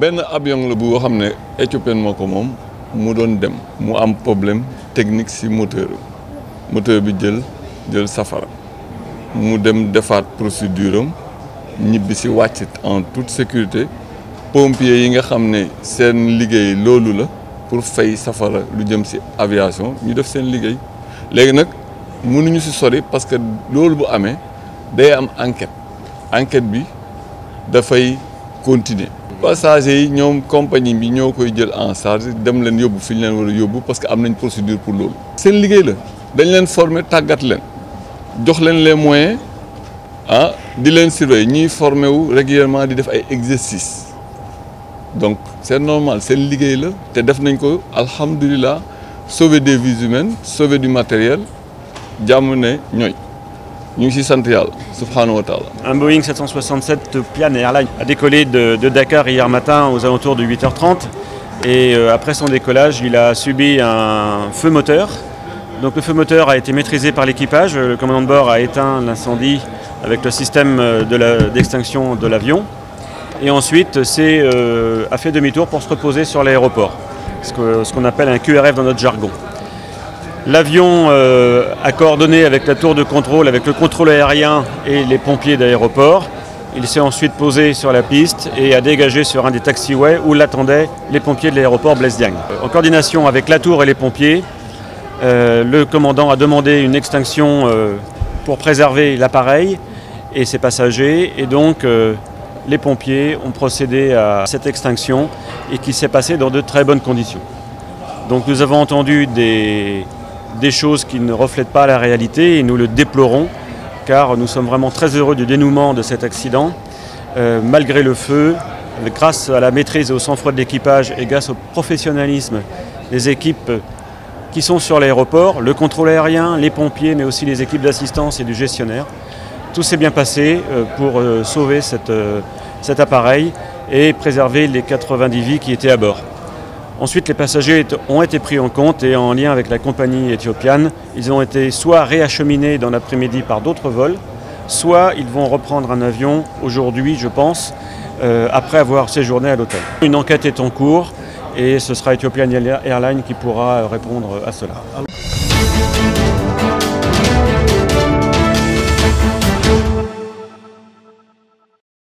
Ben, avion le bu éthiopien mako mom mu dem mu am problème technique moteur moteur bi djel safara mu dem procédure en toute sécurité pompier yi nga sen la pour fay safara lu jëm ci aviation ñu def sori parce que bu amé am enquête enquête bi continuer passagers yi ñoom compagnie bi ñoo koy jël en charge dem leen yóbbu fi ñu leen war a yóbbu parce que am nañ procédure pour loolu. seen liggéey la dañ leen former tàggat leen jox leen les moyens ah di leen surveiller ñuy former wu régulièrement di def ay exercices donc c'est normal seen liggéey la te def nañ ko alhamdulilah sauver des vies humaines sauver du matériel jàmm ne ñooy ñu ngi ci sant yàlla. Un Boeing 767 Pian Airline a décollé de, Dakar hier matin aux alentours de 8h30 et euh, après son décollage, il a subi un feu moteur. Donc le feu moteur a été maîtrisé par l'équipage, le commandant de bord a éteint l'incendie avec le système euh, d'extinction de l'avion et ensuite c'est euh, a fait demi-tour pour se reposer sur l'aéroport, ce qu'on appelle un QRF dans notre jargon. L'avion euh, a coordonné avec la tour de contrôle, avec le contrôle aérien et les pompiers d'aéroport. Il s'est ensuite posé sur la piste et a dégagé sur un des taxiways où l'attendaient les pompiers de l'aéroport Blaise En coordination avec la tour et les pompiers, euh, le commandant a demandé une extinction euh, pour préserver l'appareil et ses passagers. Et donc, les pompiers ont procédé à cette extinction et qui s'est passée dans de très bonnes conditions. Donc, nous avons entendu des des choses qui ne reflètent pas la réalité et nous le déplorons car nous sommes vraiment très heureux du dénouement de cet accident. Euh, malgré le feu, grâce à la maîtrise et au sang-froid de l'équipage et grâce au professionnalisme des équipes qui sont sur l'aéroport, le contrôle aérien, les pompiers, mais aussi les équipes d'assistance et du gestionnaire, tout s'est bien passé euh, pour euh, sauver cet appareil et préserver les 90 vies qui étaient à bord. Ensuite, les passagers ont été pris en compte et en lien avec la compagnie éthiopienne, ils ont été soit réacheminés dans l'après-midi par d'autres vols, soit ils vont reprendre un avion aujourd'hui, je pense, euh, après avoir séjourné à l'hôtel. Une enquête est en cours et ce sera Ethiopian Airlines qui pourra répondre à cela.